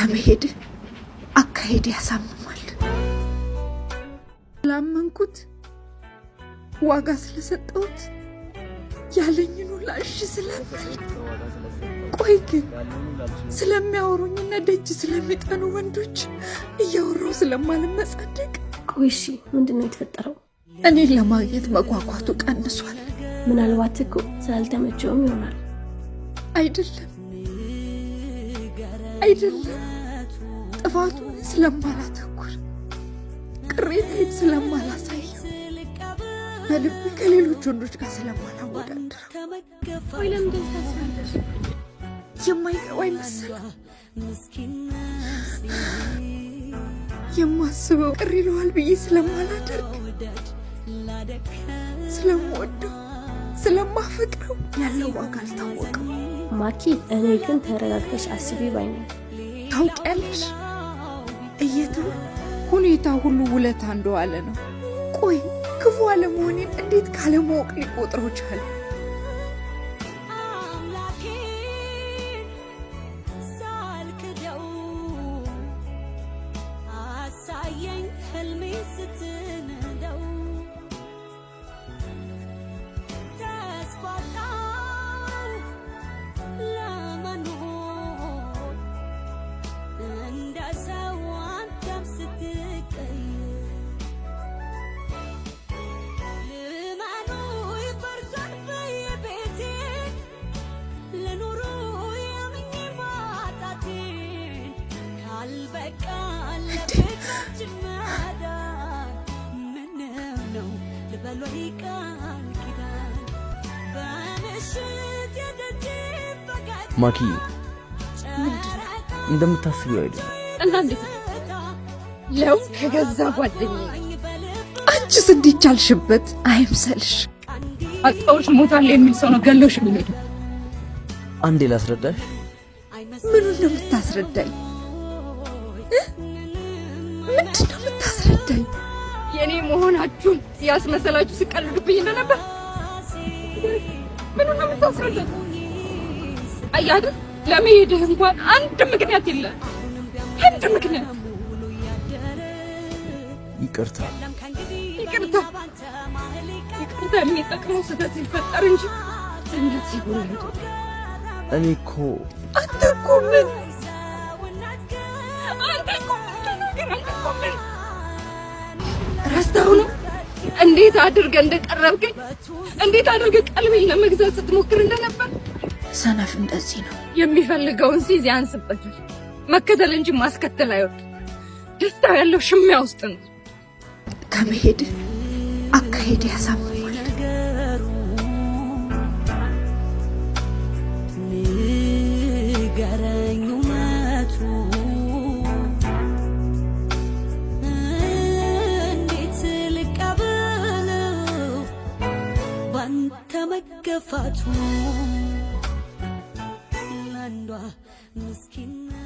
ከመሄድ አካሄድ ያሳምማል። ላመንኩት ዋጋ ስለሰጠሁት ያለኝን ሁላ እሺ ስለምል ቆይ ግን ስለሚያወሩኝና ደጅ ስለሚጠኑ ወንዶች እያወራው ስለማልመጸደቅ። ቆይ እሺ፣ ምንድን ነው የተፈጠረው? እኔን ለማግኘት መጓጓቱ ቀንሷል። ምናልባት እኮ ስላልተመቸውም ይሆናል አይደለም አይደለም ጥፋቱ ስለማላተኩር ቅሬታዬን ስለማላሳየው በልቤ ከሌሎች ወንዶች ጋር ስለማላወዳደረው ወይለም ደሳሳለች የማይገባ የማስበው ቅር ይለዋል ብዬ ስለማላደርግ ስለምወደው ስለማፈቅረው ያለው ዋጋ አልታወቀው። ማኪ፣ እኔ ግን ተረጋግተሽ አስቢ ባይነ ታውቂያለሽ እየቱ ሁኔታ ሁሉ ውለታ እንደዋለ ነው። ቆይ ክፉ አለመሆኔን እንዴት ካለማወቅ ሊቆጥረው ቻለ? በሎይ ቃል ኪዳን በምሽት የደጅ ማኪ እንደምታስቢው አይደለም። እና እንዴት ለው ከገዛ ጓደኛ አንቺስ እንዲቻልሽበት አይምሰልሽ። አጣውሽ ሞታል የሚል ሰው ነው ገሎሽ የሚሄዱ። አንዴ ላስረዳሽ። ምኑ እንደምታስረዳኝ የምታስረዳኝ? ምንድን ነው የምታስረዳኝ? የኔ መሆናችሁን ያስመሰላችሁ ስቀልዱብኝ እንደነበር ምን ነው የምታስረዳት? አያት ለመሄድህ እንኳን አንድ ምክንያት የለ፣ አንድ ምክንያት ይቅርታ፣ ይቅርታ፣ ይቅርታ የሚጠቅመው ስህተት ሲፈጠር እንጂ እንዴት ይሆናል። እኔ እኮ አንተ እኮ ምን እንዴት አድርገ እንደቀረብከኝ እንዴት አድርገ ቀልቤን ለመግዛት ስትሞክር እንደነበር። ሰነፍ እንደዚህ ነው የሚፈልገውን ሲዝ ያንስበታል። መከተል እንጂ ማስከተል አይወድ። ደስታ ያለው ሽሚያ ውስጥ ነው። ከመሄድ አካሄድ ያሳምር። መገፋቱ ላንዷ ምስኪና